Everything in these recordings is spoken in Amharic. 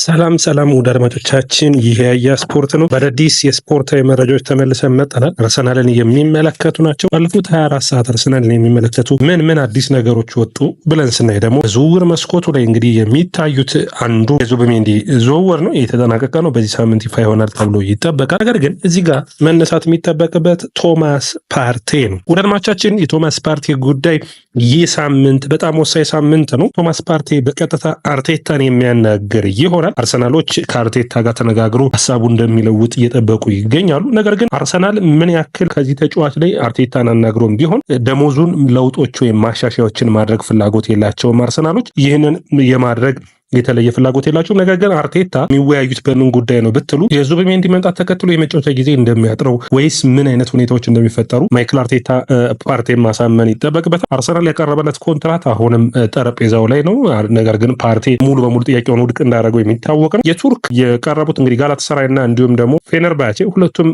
ሰላም ሰላም ውድ አድማጮቻችን፣ ይህ ያያ ስፖርት ነው። በአዳዲስ የስፖርታዊ መረጃዎች ተመልሰን መጠናል። አርሰናልን የሚመለከቱ ናቸው። ባለፉት 24 ሰዓት አርሰናልን የሚመለከቱ ምን ምን አዲስ ነገሮች ወጡ ብለን ስናይ ደግሞ ዝውውር መስኮቱ ላይ እንግዲህ የሚታዩት አንዱ የዙብሜንዲ ዝውውር ነው። የተጠናቀቀ ነው። በዚህ ሳምንት ይፋ ይሆናል ተብሎ ይጠበቃል። ነገር ግን እዚህ ጋር መነሳት የሚጠበቅበት ቶማስ ፓርቴ ነው። ውድ አድማጮቻችን፣ የቶማስ ፓርቴ ጉዳይ ይህ ሳምንት በጣም ወሳኝ ሳምንት ነው። ቶማስ ፓርቴ በቀጥታ አርቴታን የሚያናግር ይሁ ይሆናል። አርሰናሎች ከአርቴታ ጋር ተነጋግሮ ሀሳቡ እንደሚለውጥ እየጠበቁ ይገኛሉ። ነገር ግን አርሰናል ምን ያክል ከዚህ ተጫዋች ላይ አርቴታን አናግሮም ቢሆን ደሞዙን ለውጦች ወይም ማሻሻያዎችን ማድረግ ፍላጎት የላቸውም። አርሰናሎች ይህንን የማድረግ የተለየ ፍላጎት የላቸውም። ነገር ግን አርቴታ የሚወያዩት በምን ጉዳይ ነው ብትሉ የዙቢሜንዲ መምጣት ተከትሎ የመጫወቻ ጊዜ እንደሚያጥረው ወይስ ምን አይነት ሁኔታዎች እንደሚፈጠሩ ማይክል አርቴታ ፓርቴን ማሳመን ይጠበቅበታል። አርሰናል ያቀረበለት ኮንትራት አሁንም ጠረጴዛው ላይ ነው። ነገር ግን ፓርቴ ሙሉ በሙሉ ጥያቄውን ውድቅ እንዳደረገው የሚታወቅ ነው። የቱርክ የቀረቡት እንግዲህ ጋላታሳራይና እንዲሁም ደግሞ ፌነርባቼ ሁለቱም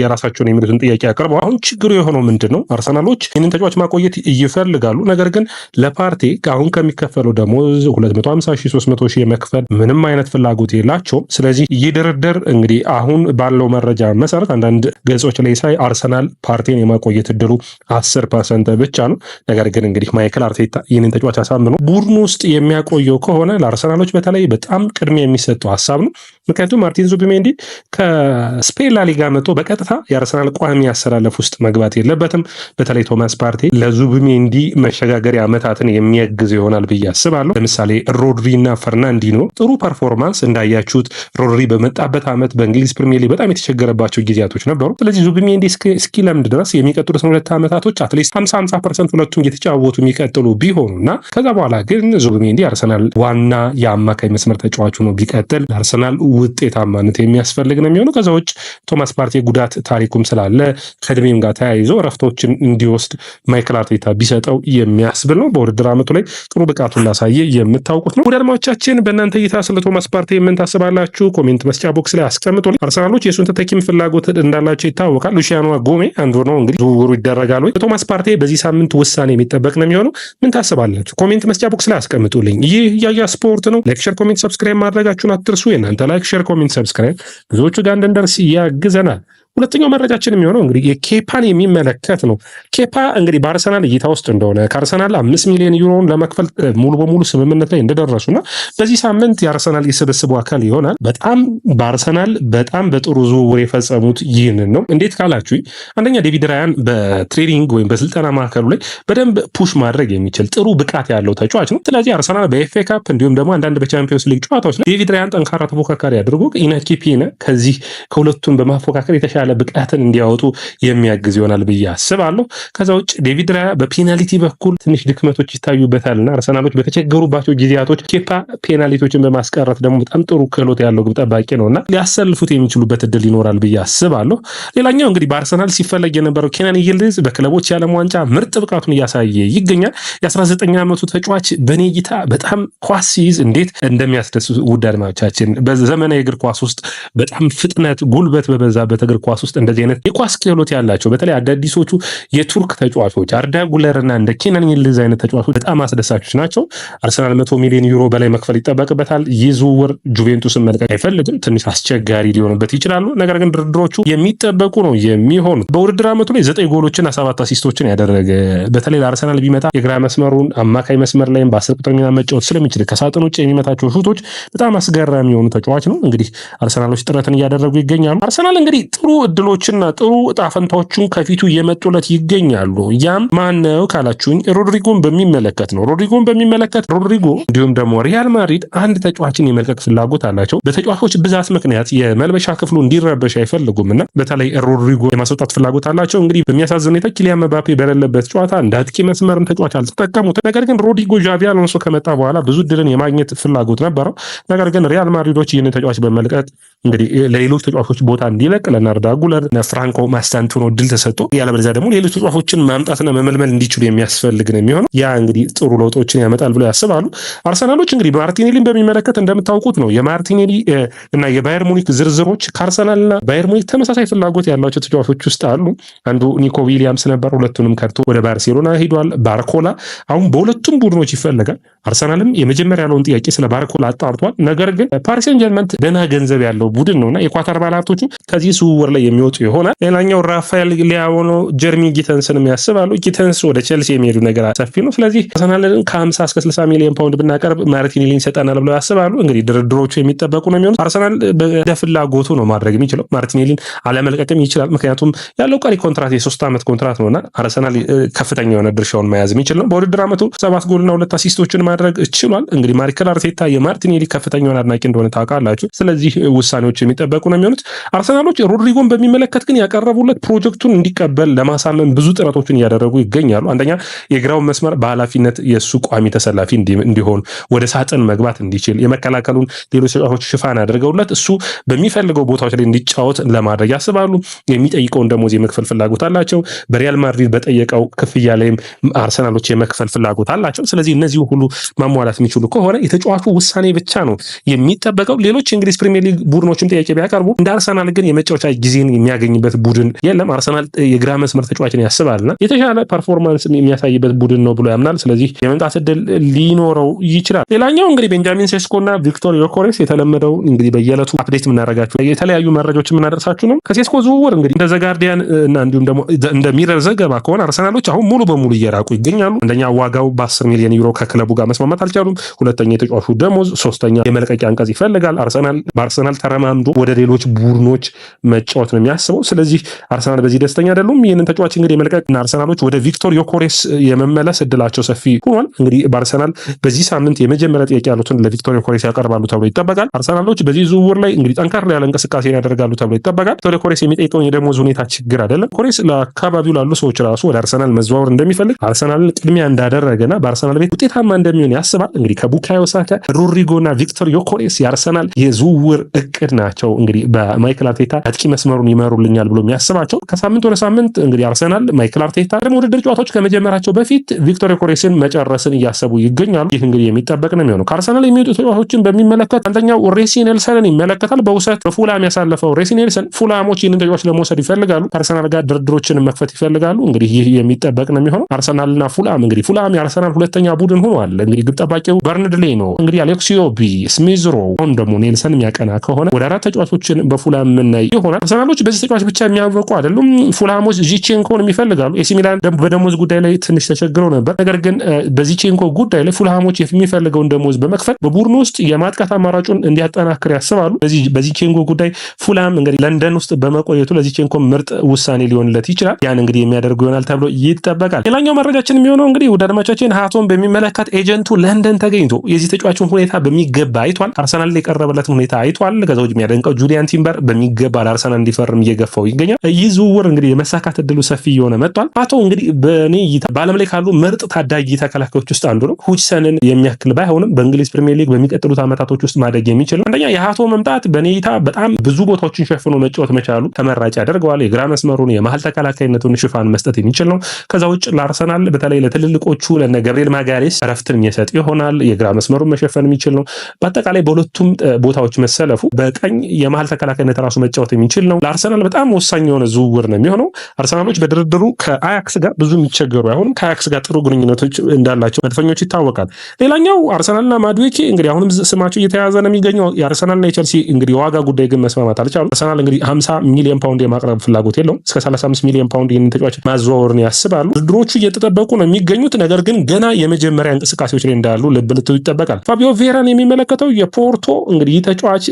የራሳቸውን የሚሉትን ጥያቄ ያቀርበው። አሁን ችግሩ የሆነው ምንድን ነው? አርሰናሎች ይህንን ተጫዋች ማቆየት ይፈልጋሉ። ነገር ግን ለፓርቴ አሁን ከሚከፈለው ደሞዝ 250 ሺህ 300 ሺህ የመክፈል ምንም አይነት ፍላጎት የላቸውም። ስለዚህ ይህ ድርድር እንግዲህ አሁን ባለው መረጃ መሰረት አንዳንድ ገጾች ላይ ሳይ አርሰናል ፓርቲን የማቆየት እድሉ አስር ፐርሰንት ብቻ ነው። ነገር ግን እንግዲህ ማይክል አርቴታ ይህንን ተጫዋች አሳምኖ ቡድኑ ውስጥ የሚያቆየው ከሆነ ለአርሰናሎች በተለይ በጣም ቅድሚያ የሚሰጠው ሀሳብ ነው። ምክንያቱም ማርቲን ዙቢሜንዲ ከስፔን ላሊጋ መጥቶ በቀጥታ የአርሰናል ቋሚ አሰላለፍ ውስጥ መግባት የለበትም። በተለይ ቶማስ ፓርቴ ለዙቢሜንዲ መሸጋገሪያ ዓመታትን የሚያግዝ ይሆናል ብዬ አስባለሁ። ለምሳሌ ሮድሪ እና ፈርናንዲኖ ጥሩ ፐርፎርማንስ እንዳያችሁት ሮድሪ በመጣበት ዓመት በእንግሊዝ ፕሪሚየር ሊግ በጣም የተቸገረባቸው ጊዜያቶች ነበሩ። ስለዚህ ዙቢሜንዲ እስኪለምድ ድረስ የሚቀጥሉትን ሁለት ዓመታቶች አትሊስት ሀምሳ ሀምሳ ፐርሰንት ሁለቱም እየተጫወቱ የሚቀጥሉ ቢሆኑ እና ከዛ በኋላ ግን ዙቢሜንዲ አርሰናል ዋና የአማካይ መስመር ተጫዋቹ ነው ቢቀጥል ለአርሰናል ውጤታማነት የሚያስፈልግ ነው የሚሆነው። ከዛ ውጭ ቶማስ ፓርቲ ጉዳት ታሪኩም ስላለ ከእድሜም ጋር ተያይዞ ረፍቶችን እንዲወስድ ማይክል አርቴታ ቢሰጠው የሚያስብል ነው። በውድድር ዓመቱ ላይ ጥሩ ብቃቱ እንዳሳየ የምታውቁት ነው። ውድ አድማጮቻችን በእናንተ እይታ ስለ ቶማስ ፓርቲ ምን ታስባላችሁ? ኮሜንት መስጫ ቦክስ ላይ አስቀምጡ። አርሰናሎች የእሱን ተተኪም ፍላጎት እንዳላቸው ይታወቃል። ሉሲያኖ ጎሜ አንዱ ነው። እንግዲህ ዝውውሩ ይደረጋል ወይ? ቶማስ ፓርቲ በዚህ ሳምንት ውሳኔ የሚጠበቅ ነው የሚሆነው። ምን ታስባላችሁ? ኮሜንት መስጫ ቦክስ ላይ አስቀምጡልኝ። ይህ ያያ ስፖርት ነው። ሌክቸር ኮሜንት፣ ሰብስክራይብ ማድረጋችሁን አትርሱ። የእናንተ ላይክ ላይክ፣ ሼር፣ ኮሜንት፣ ሰብስክራይብ ብዙዎቹ ጋር እንድንደርስ ያግዘናል። ሁለተኛው መረጃችን የሚሆነው እንግዲህ የኬፓን የሚመለከት ነው። ኬፓ እንግዲህ በአርሰናል እይታ ውስጥ እንደሆነ ከአርሰናል አምስት ሚሊዮን ዩሮን ለመክፈል ሙሉ በሙሉ ስምምነት ላይ እንደደረሱና በዚህ ሳምንት የአርሰናል የስብስቡ አካል ይሆናል። በጣም በአርሰናል በጣም በጥሩ ዝውውር የፈጸሙት ይህንን ነው። እንዴት ካላችሁ አንደኛ ዴቪድ ራያን በትሬኒንግ ወይም በስልጠና ማዕከሉ ላይ በደንብ ፑሽ ማድረግ የሚችል ጥሩ ብቃት ያለው ተጫዋች ነው። ስለዚህ አርሰናል በኤፍ ካፕ እንዲሁም ደግሞ አንዳንድ በቻምፒዮንስ ሊግ ጨዋታዎች ላይ ዴቪድ ራያን ጠንካራ ተፎካካሪ አድርጎ ኢነኪፒነ ከዚህ ከሁለቱን በማፎካከል የተሻለ የተሻለ ብቃትን እንዲያወጡ የሚያግዝ ይሆናል ብዬ አስባለሁ። ከዛ ውጭ ዴቪድ ራያ በፔናልቲ በኩል ትንሽ ድክመቶች ይታዩበታልና አርሰናሎች በተቸገሩባቸው ጊዜያቶች ኬፓ ፔናልቲዎችን በማስቀረት ደግሞ በጣም ጥሩ ክህሎት ያለው ግብ ጠባቂ ነውና ሊያሰልፉት የሚችሉበት እድል ይኖራል ብዬ አስባለሁ። ሌላኛው እንግዲህ በአርሰናል ሲፈለግ የነበረው ኬናን ይልዝ በክለቦች የዓለም ዋንጫ ምርጥ ብቃቱን እያሳየ ይገኛል። የ19 ዓመቱ ተጫዋች በኔ እይታ በጣም ኳስ ሲይዝ እንዴት እንደሚያስደስት ውድ አድማቻችን፣ በዘመናዊ እግር ኳስ ውስጥ በጣም ፍጥነት፣ ጉልበት በበዛበት እግር ኳስ ኳስ ውስጥ እንደዚህ አይነት የኳስ ክህሎት ያላቸው በተለይ አዳዲሶቹ የቱርክ ተጫዋቾች አርዳ ጉለር እና እንደ ኬናን ይልዝ አይነት ተጫዋቾች በጣም አስደሳች ናቸው። አርሰናል መቶ ሚሊዮን ዩሮ በላይ መክፈል ይጠበቅበታል። ይህ ዝውውር ጁቬንቱስን መልቀቅ አይፈልግም። ትንሽ አስቸጋሪ ሊሆንበት ይችላሉ። ነገር ግን ድርድሮቹ የሚጠበቁ ነው የሚሆኑት። በውድድር አመቱ ላይ ዘጠኝ ጎሎችና ሰባት አሲስቶችን ያደረገ በተለይ ለአርሰናል ቢመጣ የግራ መስመሩን አማካይ መስመር ላይም በአስር ቁጥር ሚና መጫወት ስለሚችል ከሳጥን ውጭ የሚመታቸው ሹቶች በጣም አስገራሚ የሆኑ ተጫዋች ነው። እንግዲህ አርሰናሎች ጥረትን እያደረጉ ይገኛሉ። አርሰናል እንግዲህ ጥሩ እድሎችና ጥሩ እጣ ፈንታዎችን ከፊቱ እየመጡለት ይገኛሉ። ያም ማን ነው ካላችሁኝ ሮድሪጎን በሚመለከት ነው። ሮድሪጎን በሚመለከት ሮድሪጎ እንዲሁም ደግሞ ሪያል ማድሪድ አንድ ተጫዋችን የመልቀቅ ፍላጎት አላቸው። በተጫዋቾች ብዛት ምክንያት የመልበሻ ክፍሉ እንዲረበሽ አይፈልጉም እና በተለይ ሮድሪጎ የማስወጣት ፍላጎት አላቸው። እንግዲህ በሚያሳዝን ሁኔታ ኪሊያን መባፔ በሌለበት ጨዋታ እንደ አጥቂ መስመርም ተጫዋች አልተጠቀሙት። ነገር ግን ሮድሪጎ ዣቪ አሎንሶ ከመጣ በኋላ ብዙ ድልን የማግኘት ፍላጎት ነበረው። ነገር ግን ሪያል ማድሪዶች ይህንን ተጫዋች በመልቀቅ እንግዲህ ለሌሎች ተጫዋቾች ቦታ እንዲለቅ ለናርዳ ጉለር፣ ፍራንኮ ድል ተሰጥቶ ያለበለዚያ ደግሞ ሌሎች ተጫዋቾችን ማምጣትና መመልመል እንዲችሉ የሚያስፈልግ ነው የሚሆነው። ያ እንግዲህ ጥሩ ለውጦችን ያመጣል ብለው ያስባሉ አርሰናሎች። እንግዲህ ማርቲኔሊን በሚመለከት እንደምታውቁት ነው የማርቲኔሊ እና የባየር ሙኒክ ዝርዝሮች ከአርሰናልና ባየር ሙኒክ ተመሳሳይ ፍላጎት ያላቸው ተጫዋቾች ውስጥ አሉ። አንዱ ኒኮ ዊሊያምስ ነበር። ሁለቱንም ከርቶ ወደ ባርሴሎና ሂዷል። ባርኮላ አሁን በሁለቱም ቡድኖች ይፈለጋል። አርሰናልም የመጀመሪያ ያለውን ጥያቄ ስለ ባርኮላ አጣርቷል። ነገር ግን ፓሪስ ሴን ጀርመን ደህና ገንዘብ ያለው ቡድን ነው እና የኳታር ባለሀብቶቹ ከዚህ ዝውውር ላይ የሚወጡ ይሆናል። ሌላኛው ራፋኤል ሊያኖ ጀርሚ ጊተንስን የሚያስባሉ። ጊተንስ ወደ ቼልሲ የሚሄዱ ነገር ሰፊ ነው። ስለዚህ አርሰናልን ከ50 እስከ 60 ሚሊዮን ፓውንድ ብናቀርብ ማርቲኔሊን ይሰጠናል ብለው ያስባሉ። እንግዲህ ድርድሮቹ የሚጠበቁ ነው የሚሆኑት። አርሰናል እንደ ፍላጎቱ ነው ማድረግ የሚችለው። ማርቲኔሊን አለመልቀቅም ይችላል። ምክንያቱም ያለው ቀሪ ኮንትራት የሶስት ዓመት ኮንትራት ነውና አርሰናል ከፍተኛ የሆነ ድርሻውን መያዝ የሚችል ነው። በውድድር ዓመቱ ሰባት ጎልና ሁለት አሲስቶችን ማድረግ ችሏል። እንግዲህ ማይክል አርቴታ የማርቲኔሊ ከፍተኛውን አድናቂ እንደሆነ ታውቃላችሁ። ስለዚህ ውሳኔ ውሳኔዎች የሚጠበቁ ነው የሚሆኑት። አርሰናሎች ሮድሪጎን በሚመለከት ግን ያቀረቡለት ፕሮጀክቱን እንዲቀበል ለማሳመን ብዙ ጥረቶችን እያደረጉ ይገኛሉ። አንደኛ የግራውን መስመር በኃላፊነት የእሱ ቋሚ ተሰላፊ እንዲሆን ወደ ሳጥን መግባት እንዲችል የመከላከሉን ሌሎች ተጫዋቾች ሽፋን ያደርገውለት እሱ በሚፈልገው ቦታዎች ላይ እንዲጫወት ለማድረግ ያስባሉ። የሚጠይቀውን ደሞዝ የመክፈል ፍላጎት አላቸው። በሪያል ማድሪድ በጠየቀው ክፍያ ላይም አርሰናሎች የመክፈል ፍላጎት አላቸው። ስለዚህ እነዚህ ሁሉ ማሟላት የሚችሉ ከሆነ የተጫዋቹ ውሳኔ ብቻ ነው የሚጠበቀው። ሌሎች እንግሊዝ ፕሪሚየር ሊግ ቡድኖችም ጥያቄ ቢያቀርቡ እንደ አርሰናል ግን የመጫወቻ ጊዜን የሚያገኝበት ቡድን የለም። አርሰናል የግራ መስመር ተጫዋችን ያስባልና የተሻለ ፐርፎርማንስ የሚያሳይበት ቡድን ነው ብሎ ያምናል። ስለዚህ የመምጣት እድል ሊኖረው ይችላል። ሌላኛው እንግዲህ ቤንጃሚን ሴስኮ እና ቪክቶር ዮኮሬስ የተለመደው እንግዲህ በየዕለቱ አፕዴት የምናደርጋችሁ የተለያዩ መረጃዎች የምናደርሳችሁ ነው። ከሴስኮ ዝውውር እንግዲህ እንደ ዘጋርዲያን እና እንዲሁም ደግሞ እንደ ሚረር ዘገባ ከሆነ አርሰናሎች አሁን ሙሉ በሙሉ እየራቁ ይገኛሉ። አንደኛ ዋጋው በ10 ሚሊዮን ዩሮ ከክለቡ ጋር መስማማት አልቻሉም። ሁለተኛ የተጫዋቹ ደሞዝ፣ ሶስተኛ የመልቀቂያ አንቀጽ ይፈልጋል። አርሰናል በአርሰናል ተረ ተረማምዶ ወደ ሌሎች ቡድኖች መጫወት ነው የሚያስበው። ስለዚህ አርሰናል በዚህ ደስተኛ አይደሉም። ይህንን ተጫዋች እንግዲህ የመልቀቅና አርሰናሎች ወደ ቪክቶር ዮኮሬስ የመመለስ እድላቸው ሰፊ ሆኗል። እንግዲህ በአርሰናል በዚህ ሳምንት የመጀመሪያ ጥያቄ ያሉትን ለቪክቶር ዮኮሬስ ያቀርባሉ ተብሎ ይጠበቃል። አርሰናሎች በዚህ ዝውውር ላይ እንግዲህ ጠንካራ ያለ እንቅስቃሴ ያደርጋሉ ተብሎ ይጠበቃል። ቪክቶር ዮኮሬስ የሚጠይቀውን የደሞዝ ሁኔታ ችግር አይደለም። ኮሬስ ለአካባቢው ላሉ ሰዎች ራሱ ወደ አርሰናል መዘዋወር እንደሚፈልግ አርሰናልን ቅድሚያ እንዳደረገና በአርሰናል ቤት ውጤታማ እንደሚሆን ያስባል። እንግዲህ ከቡካዮ ሳካ ሮድሪጎና ቪክቶር ዮኮሬስ የአርሰናል የዝውውር እቅድ እቅድ ናቸው። እንግዲህ በማይክል አርቴታ አጥቂ መስመሩን ይመሩልኛል ብሎ የሚያስባቸው ከሳምንት ወደ ሳምንት እንግዲህ አርሰናል ማይክል አርቴታ ደግሞ ውድድር ጨዋታዎች ከመጀመራቸው በፊት ቪክቶር ዮኬሬስን መጨረስን እያሰቡ ይገኛሉ። ይህ እንግዲህ የሚጠበቅ ነው የሚሆነው። ከአርሰናል የሚወጡ ተጫዋቾችን በሚመለከት አንደኛው ሬሲ ኔልሰንን ይመለከታል። በውሰት በፉላም ያሳለፈው ሬሲ ኔልሰን ፉላሞች ይህንን ተጫዋች ለመውሰድ ይፈልጋሉ። ከአርሰናል ጋር ድርድሮችን መክፈት ይፈልጋሉ። እንግዲህ ይህ የሚጠበቅ ነው የሚሆነው። አርሰናልና ፉላም እንግዲህ ፉላም የአርሰናል ሁለተኛ ቡድን ሆኗል። እንግዲህ ግብ ጠባቂው በርንድሌ ነው። እንግዲህ አሌክሲዮ ቢ ስሚዝሮ አሁን ደግሞ ኔልሰን የሚያቀና ከሆነ ወደ አራት ተጫዋቾችን በፉላም የምናይ ይሆናል። አርሰናሎች በዚህ ተጫዋች ብቻ የሚያበቁ አይደሉም። ፉላሞች ዚቼንኮን ይፈልጋሉ። ኤሲ ሚላን በደሞዝ ጉዳይ ላይ ትንሽ ተቸግረው ነበር። ነገር ግን በዚቼንኮ ጉዳይ ላይ ፉላሞች የሚፈልገውን ደሞዝ በመክፈል በቡድን ውስጥ የማጥቃት አማራጩን እንዲያጠናክር ያስባሉ። በዚቼንኮ ጉዳይ ፉላም እንግዲህ ለንደን ውስጥ በመቆየቱ ለዚቼንኮ ምርጥ ውሳኔ ሊሆንለት ይችላል። ያን እንግዲህ የሚያደርጉ ይሆናል ተብሎ ይጠበቃል። ሌላኛው መረጃችን የሚሆነው እንግዲህ ውድ አድማቻችን ሀቶን በሚመለከት ኤጀንቱ ለንደን ተገኝቶ የዚህ ተጫዋቹን ሁኔታ በሚገባ አይቷል። አርሰናል የቀረበለትን ሁኔታ አይቷል። ከዛ ብዙዎች የሚያደንቀው ጁሊያን ቲምበር በሚገባ ለአርሰናል እንዲፈርም እየገፋው ይገኛል። ይህ ዝውውር እንግዲህ የመሳካት እድሉ ሰፊ እየሆነ መጥቷል። አቶ እንግዲህ በእኔ እይታ በዓለም ላይ ካሉ ምርጥ ታዳጊ ተከላካዮች ውስጥ አንዱ ነው። ሁችሰንን የሚያክል ባይሆንም በእንግሊዝ ፕሪሚየር ሊግ በሚቀጥሉት ዓመታቶች ውስጥ ማደግ የሚችል ነው። አንደኛ የአቶ መምጣት በእኔ እይታ በጣም ብዙ ቦታዎችን ሸፍኖ መጫወት መቻሉ ተመራጭ ያደርገዋል። የግራ መስመሩን የመሀል ተከላካይነቱን ሽፋን መስጠት የሚችል ነው። ከዛ ውጭ ለአርሰናል በተለይ ለትልልቆቹ ለነ ገብርኤል ማጋሌስ እረፍትን የሚሰጥ ይሆናል። የግራ መስመሩን መሸፈን የሚችል ነው። በአጠቃላይ በሁለቱም ቦታዎች መሰለፉ ዘጠኝ የመሀል ተከላካይነት ራሱ መጫወት የሚችል ነው። ለአርሰናል በጣም ወሳኝ የሆነ ዝውውር ነው የሚሆነው። አርሰናሎች በድርድሩ ከአያክስ ጋር ብዙ የሚቸገሩ አይሆኑም። ከአያክስ ጋር ጥሩ ግንኙነቶች እንዳላቸው መድፈኞች ይታወቃል። ሌላኛው አርሰናልና ማድዌኬ እንግዲህ አሁንም ስማቸው እየተያዘ ነው የሚገኘው። የአርሰናልና የቸልሲ እንግዲህ የዋጋ ጉዳይ ግን መስማማት አልቻሉ። አርሰናል እንግዲህ 50 ሚሊዮን ፓውንድ የማቅረብ ፍላጎት የለውም። እስከ 35 ሚሊዮን ፓውንድ ይህንን ተጫዋች ማዘዋወርን ያስባሉ። ድርድሮቹ እየተጠበቁ ነው የሚገኙት። ነገር ግን ገና የመጀመሪያ እንቅስቃሴዎች ላይ እንዳሉ ልብ ልትሉ ይጠበቃል። ፋቢዮ ቬራን የሚመለከተው የፖርቶ እንግዲህ ተጫዋች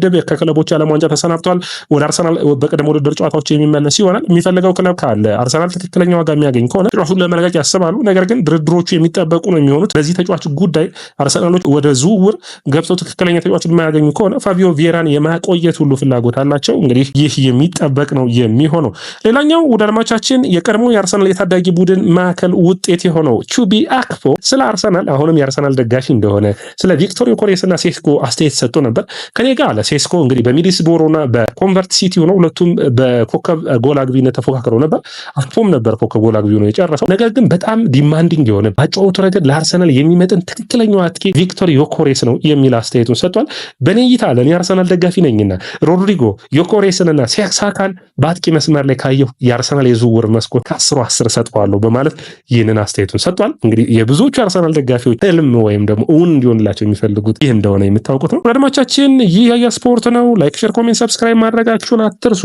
ምድብ ከክለቦች የዓለም ዋንጫ ተሰናብቷል። ወደ አርሰናል በቅድመ ውድድር ጨዋታዎች የሚመለስ ይሆናል። የሚፈልገው ክለብ ካለ አርሰናል ትክክለኛ ዋጋ የሚያገኝ ከሆነ ተጫዋቹን ለመልቀቅ ያስባሉ። ነገር ግን ድርድሮቹ የሚጠበቁ ነው የሚሆኑት። በዚህ ተጫዋች ጉዳይ አርሰናሎች ወደ ዝውውር ገብተው ትክክለኛ ተጫዋች የማያገኙ ከሆነ ፋቢዮ ቪዬራን የማቆየት ሁሉ ፍላጎት አላቸው። እንግዲህ ይህ የሚጠበቅ ነው የሚሆነው። ሌላኛው ውድ አድማቻችን የቀድሞ የአርሰናል የታዳጊ ቡድን ማዕከል ውጤት የሆነው ቹቢ አክፖ ስለ አርሰናል አሁንም የአርሰናል ደጋፊ እንደሆነ ስለ ቪክቶር ዮከሬስና ሴስኮ አስተያየት ሰጥቶ ነበር ከኔ ጋር አለ ሴስኮ እንግዲህ በሚድልስብሮ በኮንቨርት ሲቲ ሆነው ሁለቱም በኮከብ ጎል አግቢነት ተፎካክረው ነበር። አልፎም ነበር ኮከብ ጎል አግቢ ሆኖ የጨረሰው። ነገር ግን በጣም ዲማንዲንግ የሆነ በአጨዋወቱ ረገድ ለአርሰናል የሚመጥን ትክክለኛው አጥቂ ቪክቶር ዮኮሬስ ነው የሚል አስተያየቱን ሰጥቷል። በእኔ እይታ ለእኔ አርሰናል ደጋፊ ነኝና ሮድሪጎ ዮኮሬስንና ሴሳካን በአጥቂ መስመር ላይ ካየሁ የአርሰናል የዝውውር መስኮት ከአስሩ አስር ሰጥዋለሁ በማለት ይህንን አስተያየቱን ሰጥቷል። እንግዲህ የብዙዎቹ የአርሰናል ደጋፊዎች ህልም ወይም ደግሞ እውን እንዲሆንላቸው የሚፈልጉት ይህ እንደሆነ የምታውቁት ነው። ወዳድማቻችን ይህ ስፖርት ነው። ላይክ፣ ሼር፣ ኮሜንት፣ ሰብስክራይብ ማድረጋችሁን አትርሱ።